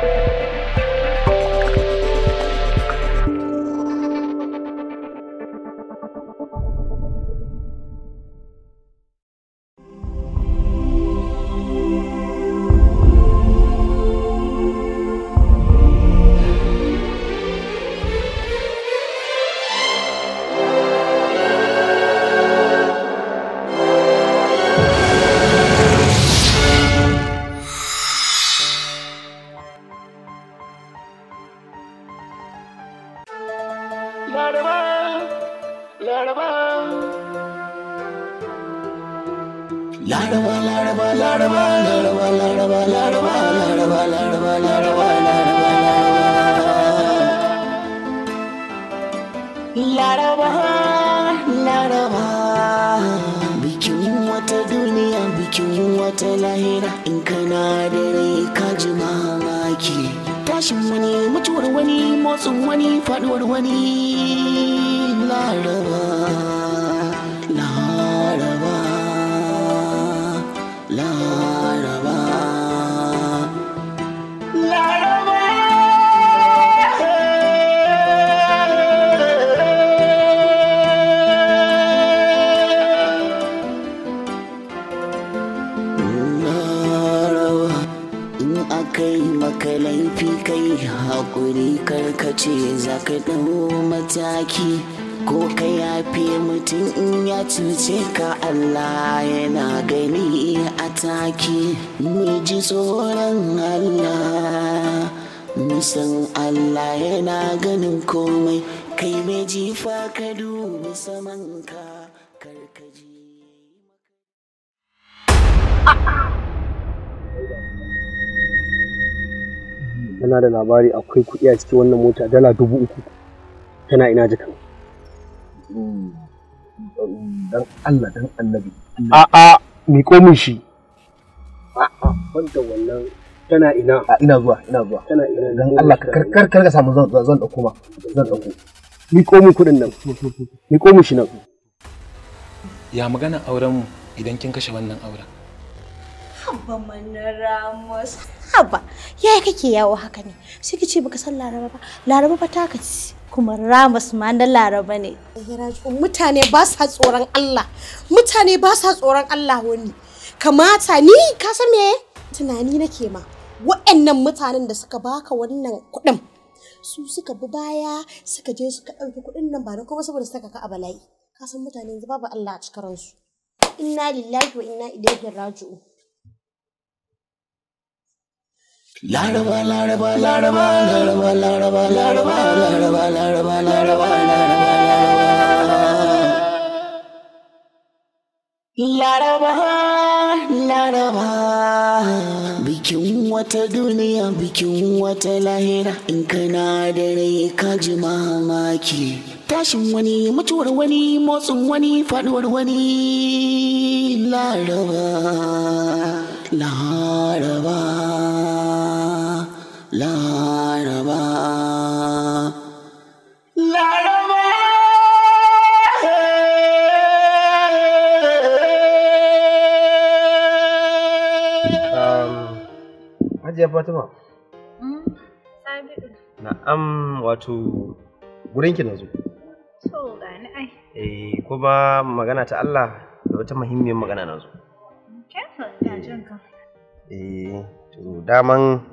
Thank you. wata lahira in kana da rai ka ji mamaki tashin wani mutuwar wani motsin wani faduwar wani laraba kai maka laifi kai haƙuri karkace za ka ɗau mataki ko ka yafe mutum in ya cuce ka Allah yana gani a taki mu ji tsoron Allah musan Allah yana ganin komai kai mai jifa ka dubi samanka karkaji. tana da labari akwai kuɗi a cikin wannan mota dala dubu uku tana ina jikan dan Allah dan annabi a a mi komin shi a a banda wannan tana ina a ina zuwa ina zuwa tana ina dan Allah ka kar kar ka samu zan zan dauko ma zan dauko mi komin kuɗin nan mi komin shi nan ya magana auren mu idan kin kashe wannan auren haba mana ramos haba yi kake yawo haka ne sai ki ce baka san laraba ba laraba ba ta ci kuma ramos ma na laraba ne mutane ba sa tsoron Allah mutane ba sa tsoron Allah wani kamata ni ka san me tunani nake ma wa'annan mutanen da suka baka wannan kuɗin su suka bi baya suka je suka ɗauki kuɗin nan ba da kuma saboda suka ka a bala'i ka san mutane yanzu babu Allah a cikin ransu inna lillahi wa inna ilaihi raji'un Bikin wata duniya bikin wata lahira in kana da rai ka ji mamaki tashin wani mutuwar wani motsin wani faduwar wani laraba laraba laraba laraba fatima hmm, na'am wato gurinki na zo so gani ai eh magana ta Allah da wata muhimmiyar magana na zo eh to daman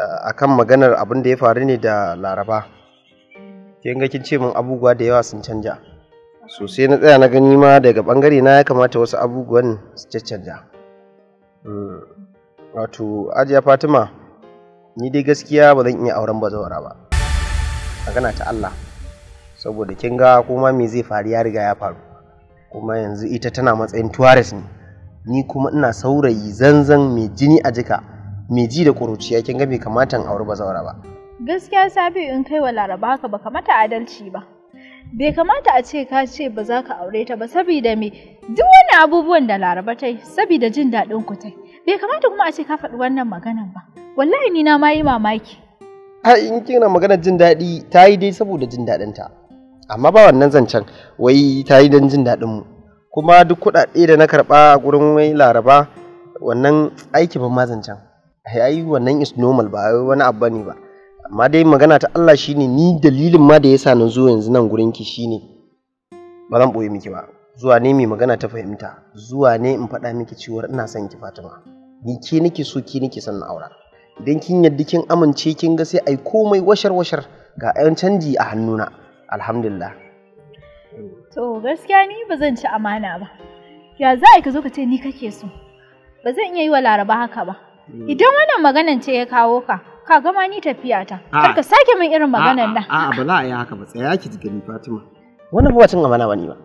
akan maganar abin da ya faru ne da laraba kin ga kin ce min abubuwa da yawa sun canja sosai na tsaya na gani ma daga bangare na ya kamata wasu abubuwan su caccanja hmm, wato ajiya fatima ni dai gaskiya ba zan iya auren bazawara ba magana ta allah saboda kin ga kuma me zai faru ya riga ya faru kuma yanzu ita tana matsayin tuwares ne ni kuma ina saurayi zanzan mai jini a jika mai ji da ƙuruciya kin ga mai kamata in auri zaura ba gaskiya safi in kai wa laraba haka baka mata adalci ba bai kamata a ce ka ce ba za ka aure ta ba saboda me duk wani abubuwan da laraba ta yi saboda jin daɗin ku ta yi, bai kamata kuma a ce ka faɗi wannan maganan ba wallahi ni na ma yi mamaki Ai in kina maganar jin daɗi ta yi dai saboda jin daɗin ta amma ba wannan zancen wai ta yi don jin daɗin mu kuma duk kuɗaɗe da na karɓa a gurin wai laraba wannan aiki ban ma zancen yayi, wannan is normal ba wani abu bane ba amma dai magana ta Allah shine ni dalilin ma da yasa na zo yanzu nan gurin ki shine ba zan boye miki ba zuwa ne mai magana ta fahimta zuwa ne in faɗa miki cewa ina son ki Fatima ni ke nake so ki nake son na aura idan kin yaddi kin amince kin ga sai ai komai washar washar ga 'yan canji a hannuna alhamdulillah to gaskiya ni ba zan ci amana ba ya za ka zo ka ce ni kake so ba zan iya yi wa laraba haka ba Hmm. Idan wannan maganan ce ya kawo ka, ka gama ni tafiya ta. Ah. Kar ka sake min irin maganan ah, nan. A'a ah, ba za a yi haka ba, tsaya ki gani Fatima. Wannan ba cin amana bane ba.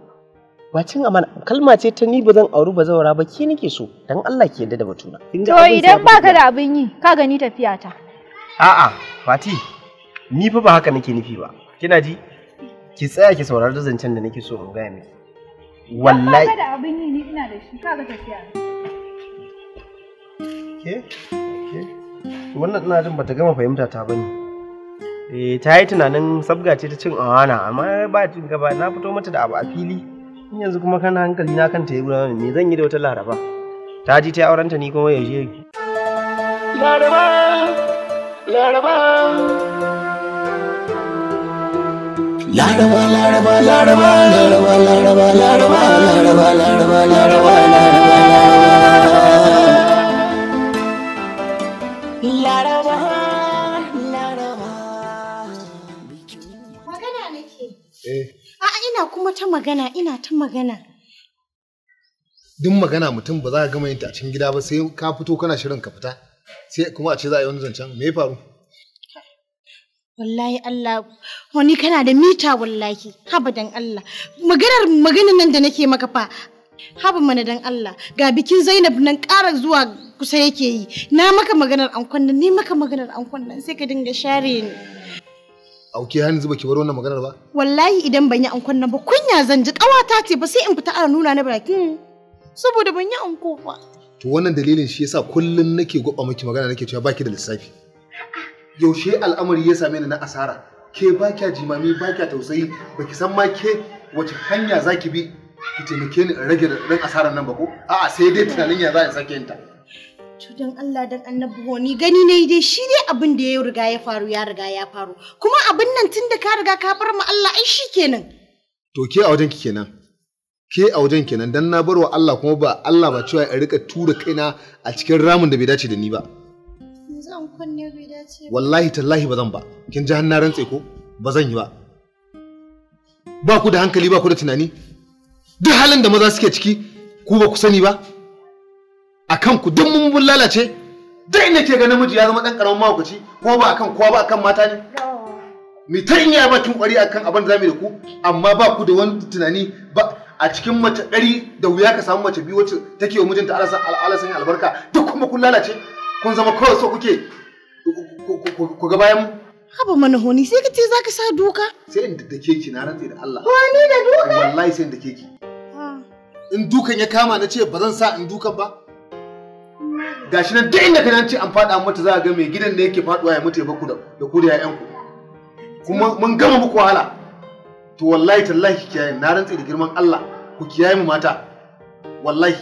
Ba cin amana kalma ce ta ni ba zan auri ba zaura ba ke nake so dan Allah ki yarda da batuna. To idan baka da abin yi, ka gani tafiya ta. A'a, Fati, ni fa ba haka nake nufi ba. Kina ji? Ki tsaya ki saurari zancen da nake so in gaya miki. Wallahi. Ba da abin yi ni ina da shi, ka ga tafiya. wannan ina jin bata gama fahimta ta bane eh ta yi tunanin sabga ce ta cin awana amma ba cin gaba na fito mata da abu a fili in yanzu kuma kana hankali na kanta ya gudanar me zan yi da wata laraba ta ji ta auren ta ni kuma yaushe laraba laraba laraba laraba ta magana ina ta magana duk magana mutum ba za ka gama yin ta a cikin gida ba sai ka fito kana shirin ka fita sai kuma a ce za a yi wani zancen me ya faru wallahi Allah wani kana da mita wallahi haba dan Allah maganar maganar nan da nake maka fa haba mana dan Allah ga bikin Zainab nan ƙara zuwa kusa yake yi na maka maganar an nan ni maka maganar an nan sai ka dinga share ni auki hani zuba ki bar wannan maganar ba wallahi idan ban yi ankon nan ba kunya zan ji kawata ce ba sai in fita ana nuna na baki hmm. saboda ban yi anko ba to wannan dalilin shi yasa kullun nake gwaba miki magana nake cewa baki da lissafi yaushe al'amari ya same ni na asara ke ba kya jimami ba kya tausayi baki san ma ke wace hanya zaki bi ki taimake ni in rage dan asarar nan ba ko a'a sai dai tunanin ya za a sake yin ta to dan Allah dan annabi wani gani ne dai shi dai abin da ya riga ya faru ya riga ya faru kuma abin nan tun da ka riga ka bar ma Allah ai shi kenan to ke a wajen ki kenan ke a wajen kenan dan na barwa Allah kuma ba Allah ba cewa in rika tura kaina a cikin ramin da bai dace da ni ba zan kunne bai dace wallahi tallahi ba zan ba kin ji hannar rantse ko ba zan yi ba ba ku da hankali ba ku da tunani duk halin da maza suke ciki ku ba ku sani ba a kanku duk mun mun lalace duk inda ke ga namiji ya zama dan karamin mahaukaci ko ba akan kowa ba akan mata ne mi ta iya kin kwari akan abin da zamu da ku amma ba ku da wani tunani ba a cikin mace ɗari da wuya ka samu mace biyu wacce take wa mijinta alasan alasan albarka duk kuma kun lalace kun zama kawai so kuke ku ga bayan haba mana honi sai ka ce za ka sa duka sai in da keki na rantsi da Allah wani da duka wallahi sai in da keki ah. in dukan ya kama na ce ba zan sa in dukan ba gashi nan duk inda kana ce an faɗa mata za a ga mai gidan da yake faɗuwa ya mutu ya baku da ku da 'ya'yanku. kuma mun gama muku wahala to wallahi tallahi kiyaye na rantsi da girman Allah ku kiyaye mu mata wallahi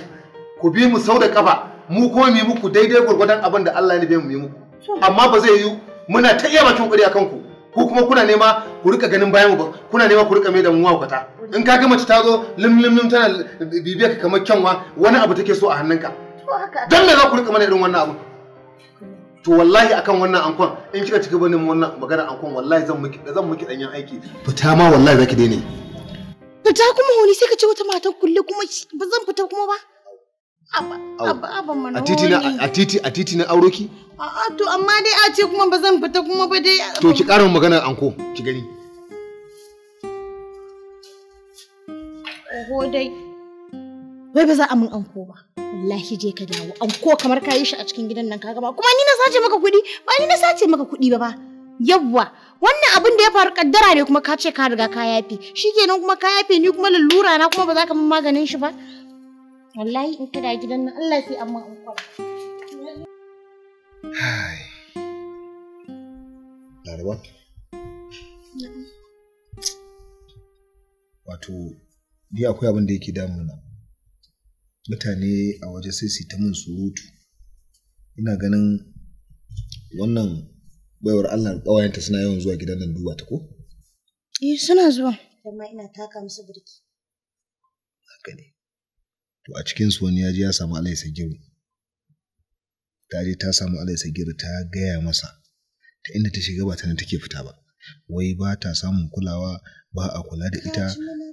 ku bi mu sau da kafa mu kuma mu muku daidai gurgurdan abin da Allah ya nufi mu yi muku amma ba zai yiwu muna ta iya bakin kuri akan ku ku kuma kuna nema ku rika ganin bayan mu kuna nema ku rika mai da mu wakata in ka ga mace ta zo lim lim lim tana bibiya ka kamar kyanwa wani abu take so a hannunka dan me za ku rinka mana irin wannan abu to wallahi akan wannan ankon in kika cika banin wannan magana ankon wallahi zan miki zan miki danyen aiki fita ma wallahi zaki daina fita kuma wani sai ka ci wata matan kulle kuma ba zan fita kuma ba a titi na a titi a titi na auro ki to amma dai a ce kuma ba zan fita kuma ba dai to ki karin maganar anko ki gani oho dai wai ba za a mun anko ba wallahi je ka dawo anko kamar ka yi shi a cikin gidan nan ka gama kuma ni na sace maka kuɗi ba ni na sace maka kuɗi ba ba yawwa wannan abin da ya faru kaddara ne kuma ka ce ka riga ka yafe shikenan kuma ka yafe ni kuma lalura na kuma ba za ka mun maganin shi ba wallahi in ka da gidan nan Allah sai amma an kwara hai Larabat wato ni akwai abin da yake damuna mutane a waje sai su ta min surutu ina ganin wannan baiwar Allah ƙawayenta suna yawan zuwa gidan nan duba ta ko? Eh suna zuwa amma ina taka musu birki. Haka ne. To a cikin su wani ya je ya samu Alai Sagiru. Ta je ta samu Alai Sagiru ta gaya masa ta inda ta shiga ba ta nan take fita ba. Wai ba ta samun kulawa ba a kula da ita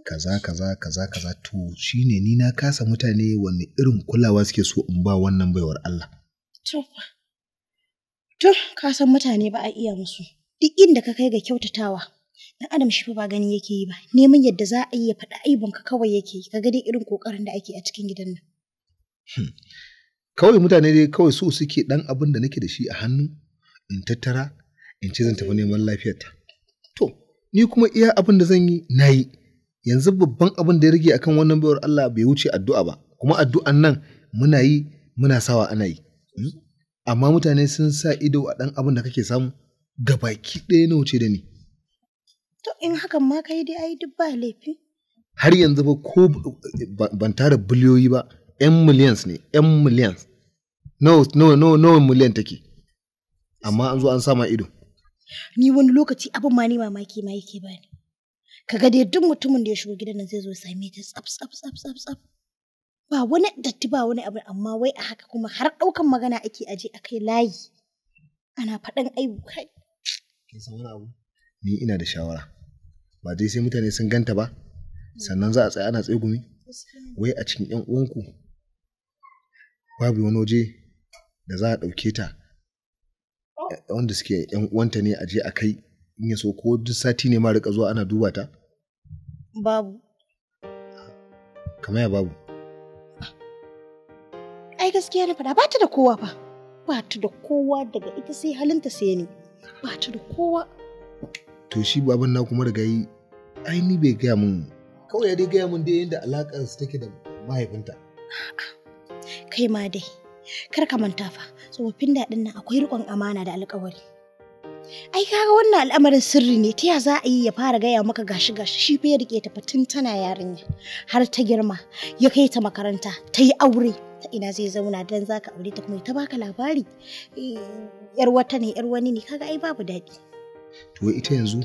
kaza kaza kaza kaza to shine ni na kasa mutane wani irin kulawa suke so in ba wannan baiwar Allah to to ka san mutane ba a iya musu duk inda ka kai ga kyautatawa dan adam shi fa ba gani yake yi ba neman yadda za a yi ya faɗa ka kawai yake yi kaga dai irin kokarin da ake a cikin gidan nan hmm. kawai mutane dai kawai so suke dan abin da nake da shi a hannu in tattara in ce zan tafi neman lafiyarta to ni kuma iya abin da zan yi nayi. yanzu babban abin da ya rage akan wannan bayar, Allah bai wuce addu'a ba kuma addu'an nan muna yi muna sawa ana yi hmm? amma mutane sun sa ido a ɗan abin da kake samu baki ɗaya na wuce da ni to in hakan ma kai dai ai duk ba laifi har yanzu ba ko ban tara biliyoyi ba yan millions ne yan millions no no no million take amma an zo an sama ido ni wani lokaci abin ma ni mamaki ma yake bani Ka ga dai duk mutumin da ya shigo gidan nan zai zo ya same ta tsaf tsaf tsaf tsaf tsaf ba wani datti ba wani abu amma wai a haka kuma har ɗaukan magana ake aje a kai layi ana faɗan aibu kai kin san wani abu ni ina da shawara ba dai sai mutane sun ganta ba sannan za a tsaya ana tsegumi wai a cikin yan uwanku babu wani waje da za a ɗauke ta oh. wanda suke yan uwanta ne a je a kai in yi so ko duk sati ne ma rika zuwa ana duba ta? Babu. Kamaya babu. Ai gaskiya na faɗa ba ta da kowa ba. Ba ta da kowa daga ita sai halinta sai ne, Ba ta da kowa. To shi baban na kuma riga yi ai ni bai gaya min kawai ya dai gaya min dai yadda alaƙar su take da mahaifinta. Kai ma dai. Kar ka manta fa tsofaffin daɗin nan akwai riƙon amana da alƙawari. ai kaga wannan al'amarin sirri ne ta ya za a yi ya fara gaya maka gashi gashi shi fa ya rike ta fatin tana yarinya har ta girma ya kai ta makaranta ta yi aure ta ina zai zauna dan zaka aure ta kuma ta baka labari eh, yar wata ne yar wani ne kaga ai babu daɗi to ita yanzu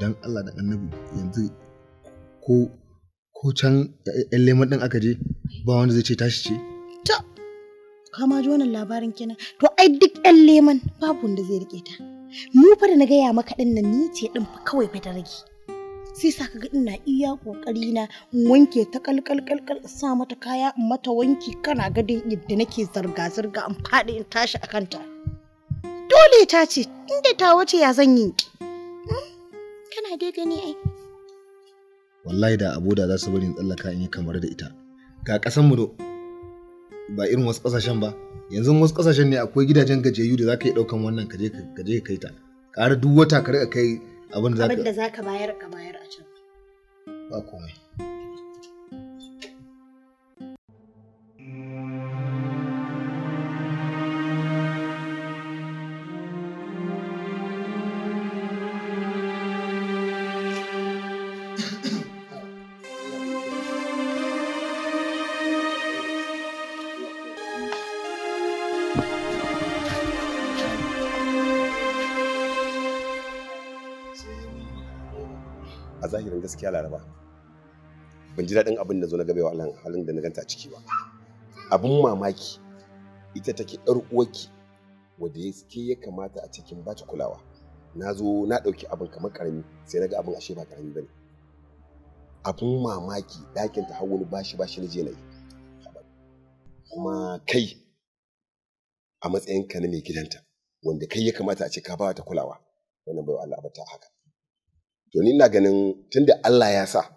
dan Allah da annabi yanzu ko ko can ɗan leman din aka je ba wanda zai ce tashi ce to kama ji wannan labarin kenan to ai duk ɗan leman babu wanda zai rike ta Mu fa da na gaya maka ɗin nan ni ce ɗin fa kawai fa da rage. Sai sa ka ga ina iya ƙoƙari na wanke ta kalkal kalkal sa mata kaya in mata wanki kana gadin yadda nake zarga zarga in faɗi in tashi a kanta. Dole ta ce inda ta wace ya zan yi. Hmm? Kana dai gani ai. Wallahi da abuda za su bari in tsallaka in yi kamar da ita. Ga ƙasan mu do. ba irin wasu kasashen ba yanzu wasu kasashen ne akwai gidajen gajiyayyu da za ka yi ɗaukan wannan ka je kai ta ƙara duk wata ka rika kai abin da za ka bayar ka bayar a can ba komai gaskiya laraba ban ji daɗin abin da zo na gabewa Allah halin da na ganta ciki ba abin mamaki ita take ɗar uwarki wanda ya ke ya kamata a cikin ba ta kulawa na zo na ɗauki abin kamar ƙarami sai na ga abin ashe ba ƙarami ba ne abin mamaki ɗakin ta wani bashi bashi na je na yi kuma kai a matsayin ka na mai gidanta wanda kai ya kamata a ce ka ba ta kulawa wannan bai Allah ba haka to ni ina ganin tunda Allah ya sa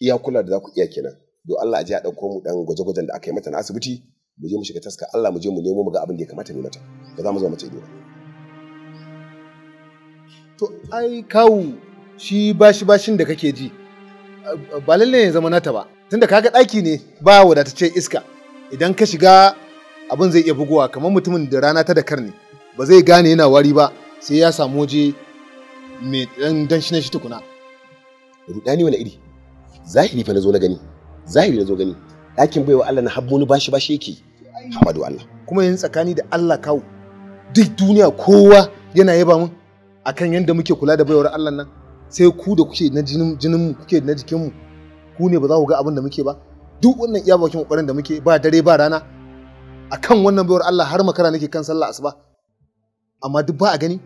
iya kula da za ku iya kenan do Allah ji a ɗauko mu ɗan gwaje-gwajen da aka yi mata na asibiti mu je mu shiga taska Allah mu je mu nemo mu ga abin da ya kamata mu mata ba za mu zama mace ido ba to ai kawu shi bashi bashin da kake ji ba lalle ya zama nata ba tunda kaga ɗaki ne ba wadatacce iska idan ka shiga abin zai iya bugowa kamar mutumin da rana ta da karni ba zai gane yana wari ba sai ya samu waje mai ɗan danshi na shi tukuna. Rudani wani iri? Zahiri fa na zo na gani. Zahiri na zo gani. Ɗakin baiwa Allah na habbo ni bashi bashi yake. Hamadu Allah. Kuma yanzu tsakani da Allah kawo. Duk duniya kowa yana yaba mun akan yadda muke kula da baiwar Allah nan. Sai ku da kuke na jinin mu kuke na jikin mu. Ku ne ba za ku ga abin da muke ba. Duk wannan iya bakin kokarin da muke ba dare ba rana. Akan wannan baiwar Allah har makara nake kan sallah asuba. Amma duk ba a gani.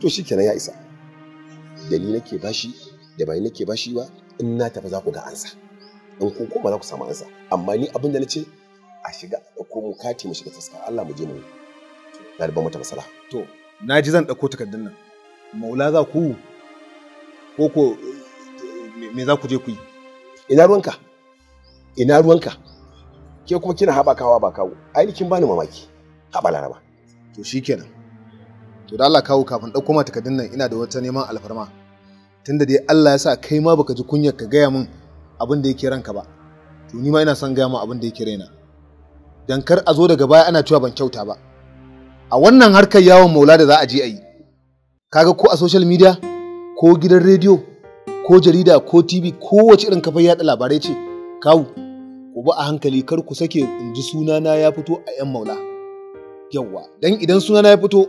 To shi kenan ya isa. da ni nake bashi da ba ni nake bashi ba in na tafi za ku ga ansa in ko ba za ku samu ansa amma ni abin da na ce a shiga Ko ɗauko mu kati mu shiga taskar Allah mu je mu ɗaliban mata masala. To na ji zan ɗauko takardun nan maula za ku ko ko me za ku je ku yi. Ina ruwanka ina ruwanka ke kuma kina haɓakawa ba kawo ainihin bani mamaki haba laraba. To shikenan to da Allah kawo kafin ɗauko ma takardun nan ina da wata neman alfarma tunda dai Allah ya sa kai ma baka ji kunyar ka gaya min abin da yake ranka ba to ni ma ina son gaya min abin da yake raina dan kar a zo daga baya ana cewa ban kyauta ba a wannan harkar yawon maula da za a je a yi kaga ko a social media ko gidan rediyo ko jarida ko tv ko kowace irin kafar yaɗa labarai ce kawu ko ba a hankali kar ku sake in ji sunana ya fito a 'yan maula yawwa dan idan sunana ya fito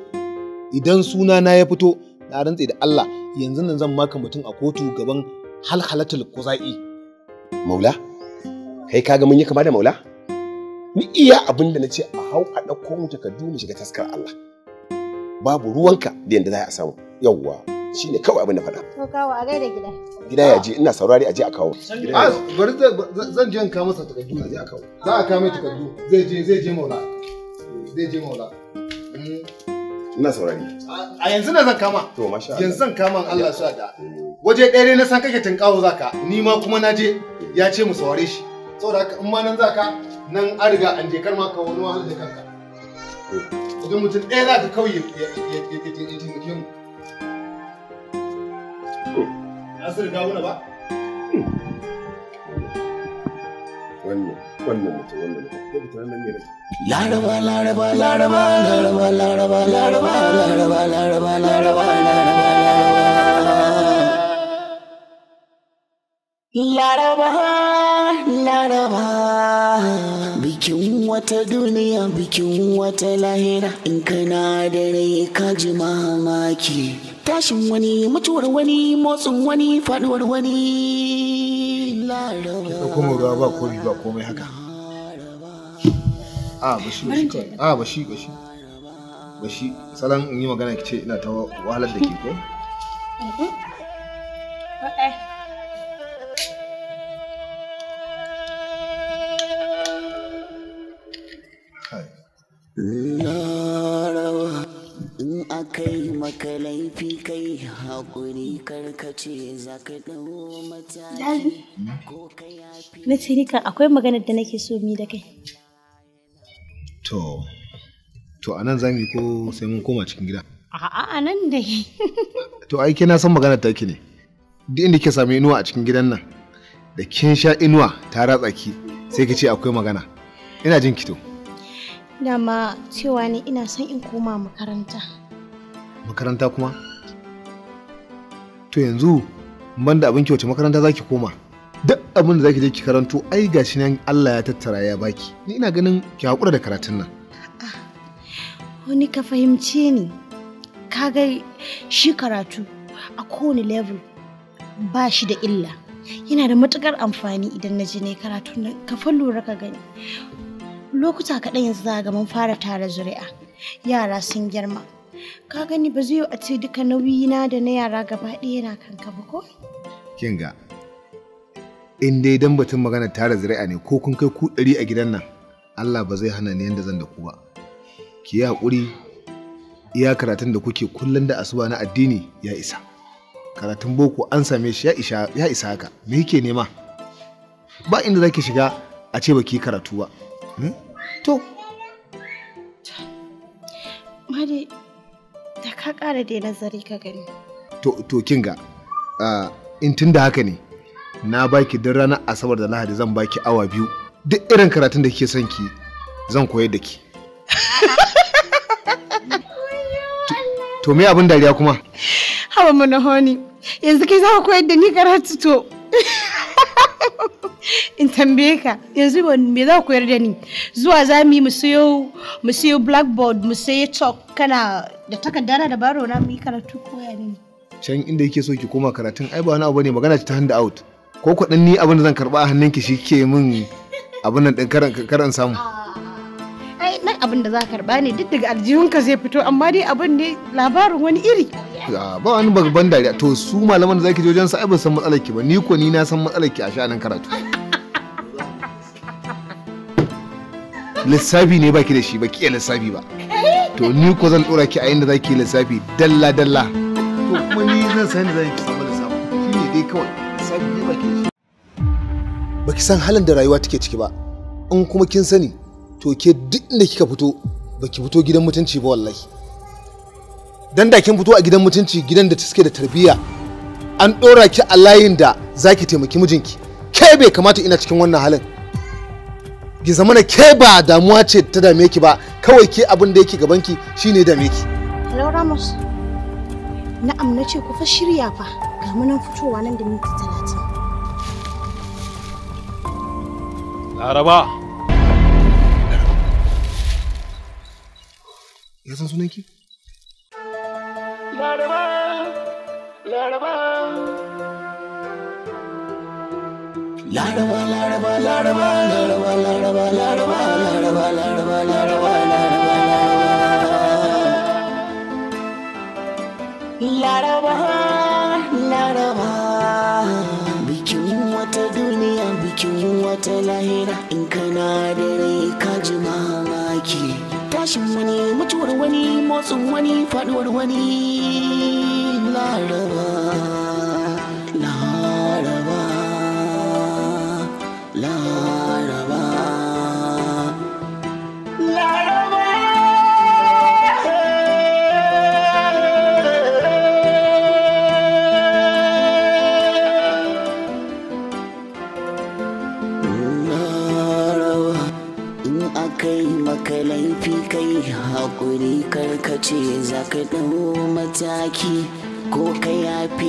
idan sunana ya fito na rantse da Allah yanzu nan zan maka mutum a kotu gaban halhalatul kuza'i maula kai kaga mun yi kama da maula ni iya abin da nace a hau a dauko mu takardu mu shiga taskar Allah babu ruwanka da yanda za a samu yawwa shine kawai abin da faɗa to kawo a gaida gida gida ya je ina saurari a je a kawo bari zan je in kawo masa takardu a je a kawo za a kawo mai takardu zai je zai je maula zai je maula ina saurari a yanzu na zan kama to masha Allah yanzu zan kama Allah sa da mm. waje ɗaya ne na san kake kawo zaka ni ma kuma na je ya ce mu saurare shi saboda haka in ma nan zaka nan an riga an je karma ka wani wahala da kanka mm. idan mutum ɗaya za ka kauye ya ya ya ya ya ya ya ya wannan mutum wannan mutum nan ne laraba laraba laraba laraba laraba laraba laraba laraba laraba laraba laraba bikin wata duniya bikin wata lahira in kana da rai ka ji mamaki tashin wani mutuwar wani motsin wani faduwar wani ki ba komi ba komai haka a bashi bashi kawai a bashi salon in yi magana kice ina ta wahalar da ke ko No. Mm-hmm. akai maka laifi kai haƙuri karkace za ka ɗau mataki ko ka yafi. Na ce rika akwai maganar da nake so mi da kai. To, to a nan ko sai mun koma cikin gida? A'a a nan dai. To ai na san maganar take ne. Duk inda kike sami inuwa a cikin gidan nan da kin sha inuwa ta ratsa ki sai ki ce akwai magana. Ina jin ki to. dama cewa ne ina son in koma makaranta makaranta kuma to yanzu ban da abin kyauta makaranta zaki koma duk abin da zaki je ki karanto ai gashi nan Allah ya tattara ya baki ni ina ganin ki hakura da karatun nan ah, wani ka fahimce ni ka ga shi karatu a kowane level ba shi da illa yana da matukar amfani idan na je ne karatu nan ka lura ka gani lokuta kaɗan yanzu za ga mun fara tara zuri'a yara sun girma ka gani ba zai a ce duka nauyi na da na yara gaba ɗaya yana kanka ba ko kin in dai dan batun magana tara zuri'a ne ko kun kai ku ɗari a gidan nan Allah ba zai hana ni yanda zan da ku ba ki yi haƙuri iya karatun da kuke kullum da asuba na addini ya isa karatun boko an same shi ya isa haka me yake nema ba inda zaki shiga a ce baki karatu ba hmm? to Mare, Da ka ƙara dai nazari ka gani. To, to kinga, in tun da haka ne, na baki duk ranar Asabar da Lahadi zan baki awa biyu. Duk irin karatun da kike son ki zan koyar da ki. To me abin dariya kuma? Hawa mana honi, yanzu kai za ka koyar da ni karatu to. in tambaye ka yanzu me za ku da ni zuwa za mu yi mu siyo blackboard mu siyo chalk kana da takardana da baro na mu yi karatu koya ne can inda yake so ki koma karatun ai ba wani abu ne magana ta hand out ko ku ni abin da zan karba a hannun ki ke min abin nan din karan samu ai nan abin da za ka karba ne duk daga aljihunka zai fito amma dai abin ne labarin wani iri ba wani babban dariya to su malaman da zaki je wajen sa ai ban san matsalar ki ba ni ko ni na san matsalar ki a nan karatu lissafi ne baki da shi baki iya lissafi ba to ni ko zan dora ki a inda zaki lissafi dalla dalla to kuma ni zan san zan zaki samu lissafi shi ne dai kawai lissafi ne baki da shi baki san halin da rayuwa take ciki ba in kuma kin sani to ke duk inda kika fito baki fito gidan mutunci ba wallahi dan da kin fito a gidan mutunci gidan da suke da tarbiyya an dora ki a layin da zaki taimaki mijinki kai bai kamata ina cikin wannan halin ki zama na ke ba damuwa ce ta dame ki ba kawai ke abin da yake gaban ki shine dame ki hello ramos na'am na ce ku fa shirya fa ga munan fitowa nan da minti talatin laraba ya san sunan ki laraba laraba ലാടവാ ലാടവാ ലാടവാ ലാടവാ ലാടവാ ലാടവാ ലാടവാ ലാടവാ ലാടവാ ലാടവാ ലാടവാ bikin wata duniya bikin wata lahira in kana da rai ka ji mamaki tashin wani mutuwar wani motsin wani faduwar wani laraba hakuri karkace za ka mataki ko ka yafi